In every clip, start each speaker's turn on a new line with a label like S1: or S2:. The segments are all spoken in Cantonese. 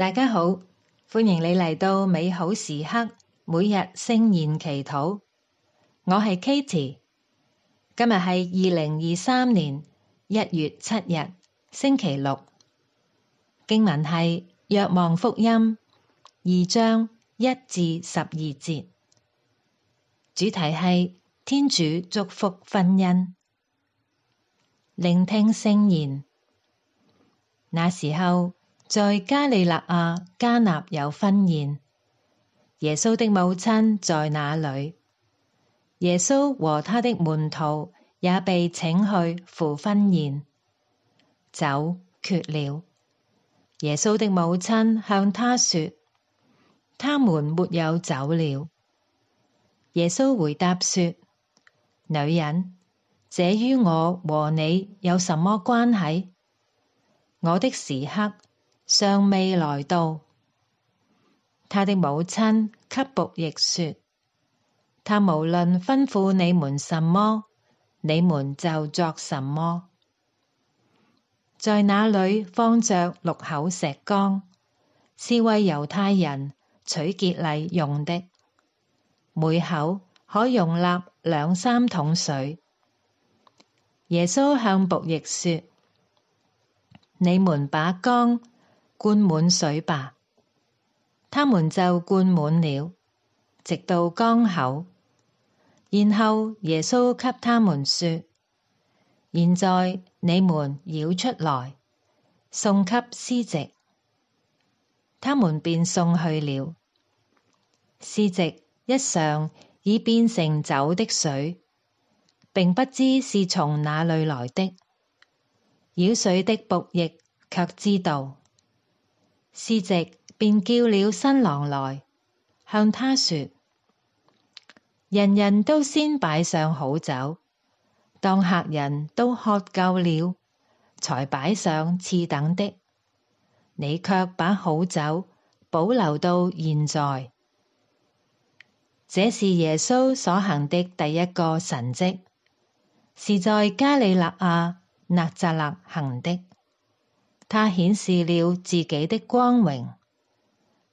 S1: 大家好，歡迎你嚟到美好時刻，每日聖言祈禱。我係 Katie，今日係二零二三年一月七日星期六。經文係《若望福音》二章一至十二節，主題係天主祝福婚姻。聆聽聖言，那時候。在加里肋亞加納有婚宴，耶穌的母親在那裏，耶穌和他的門徒也被請去赴婚宴。酒缺了，耶穌的母親向他說：他們沒有酒了。耶穌回答說：女人，這於我和你有什麼關係？我的時刻。尚未來到，他的母親給僕役說：「他無論吩咐你們什麼，你們就作什麼。在那裏放着六口石缸，是為猶太人取潔禮用的，每口可容納兩三桶水。耶穌向僕役說：「你們把缸灌滿水吧，他們就灌滿了，直到缸口。然後耶穌給他們說：現在你們舀出來送給司席，他們便送去了。司席一嘗已變成酒的水，並不知是從哪裡來的；舀水的僕役卻知道。司席便叫了新郎來，向他說：人人都先擺上好酒，當客人都喝夠了，才擺上次等的。你卻把好酒保留到現在。這是耶穌所行的第一個神蹟，是在加里肋亞納匝肋行的。他顯示了自己的光榮，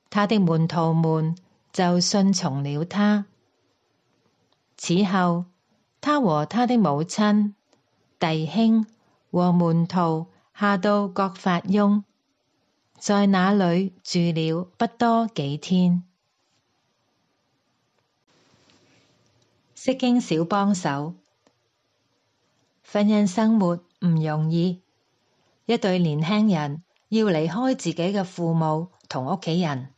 S1: 他的門徒們就信從了他。此後，他和他的母親、弟兄和門徒下到葛法翁，在那裏住了不多幾天。釋經小幫手，婚姻生活唔容易。一對年輕人要離開自己嘅父母同屋企人，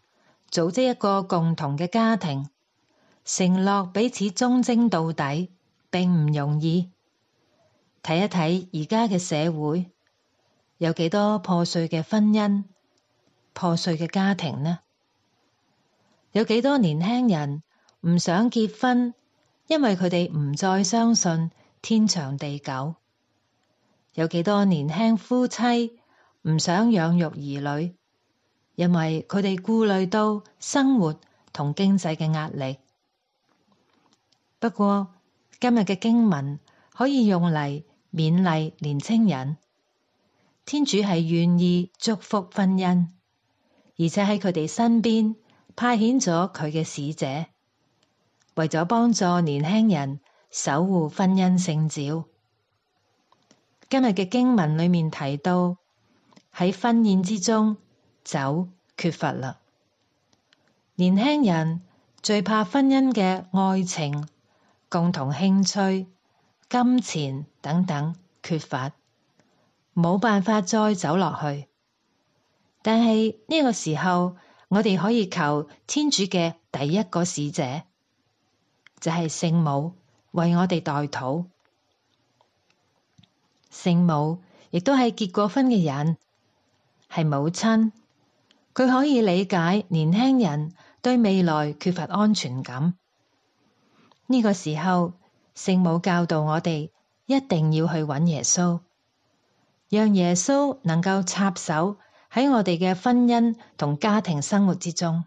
S1: 組織一個共同嘅家庭，承諾彼此忠貞到底，並唔容易。睇一睇而家嘅社會，有幾多破碎嘅婚姻、破碎嘅家庭呢？有幾多年輕人唔想結婚，因為佢哋唔再相信天長地久。有幾多年輕夫妻唔想養育兒女，因為佢哋顧慮到生活同經濟嘅壓力。不過今日嘅經文可以用嚟勉勵年青人，天主係願意祝福婚姻，而且喺佢哋身邊派遣咗佢嘅使者，為咗幫助年輕人守護婚姻聖召。今日嘅經文裏面提到，喺婚宴之中酒缺乏啦，年輕人最怕婚姻嘅愛情、共同興趣、金錢等等缺乏，冇辦法再走落去。但係呢個時候，我哋可以求天主嘅第一個使者，就係聖母為我哋代禱。聖母亦都係結過婚嘅人，係母親，佢可以理解年輕人對未來缺乏安全感。呢個時候，聖母教導我哋一定要去搵耶穌，讓耶穌能夠插手喺我哋嘅婚姻同家庭生活之中。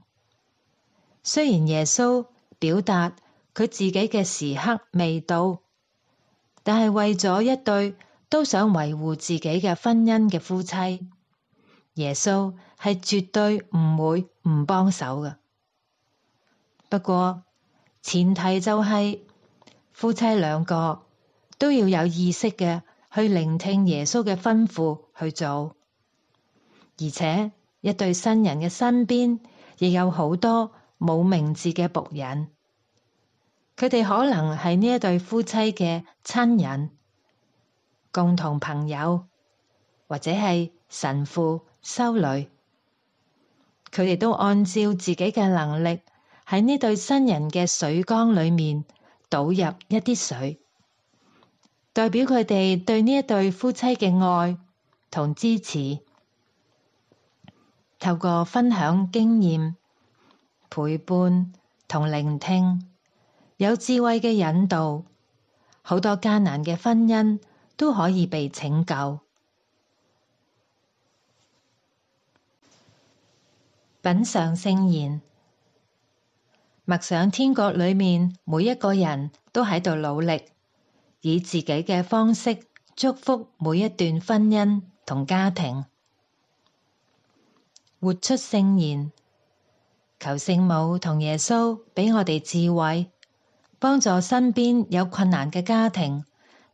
S1: 雖然耶穌表達佢自己嘅時刻未到，但係為咗一對。都想維護自己嘅婚姻嘅夫妻，耶穌係絕對唔會唔幫手㗎。不過前提就係、是、夫妻兩個都要有意識嘅去聆聽耶穌嘅吩咐去做，而且一對新人嘅身邊亦有好多冇名字嘅僕人，佢哋可能係呢一對夫妻嘅親人。共同朋友或者係神父、修女，佢哋都按照自己嘅能力喺呢對新人嘅水缸裏面倒入一啲水，代表佢哋對呢一對夫妻嘅愛同支持。透過分享經驗、陪伴同聆聽，有智慧嘅引導，好多艱難嘅婚姻，都可以被拯救。品嘗聖言，默想天國裏面每一個人都喺度努力，以自己嘅方式祝福每一段婚姻同家庭，活出聖言。求聖母同耶穌俾我哋智慧，幫助身邊有困難嘅家庭。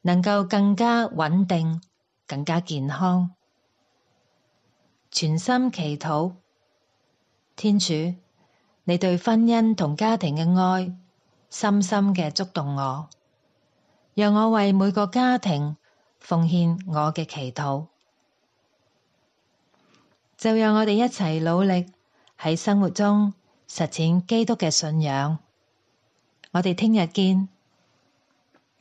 S1: 能夠更加穩定，更加健康。全心祈禱，天主，你對婚姻同家庭嘅愛，深深嘅觸動我，讓我為每個家庭奉獻我嘅祈禱。就讓我哋一齊努力喺生活中實踐基督嘅信仰。我哋聽日見。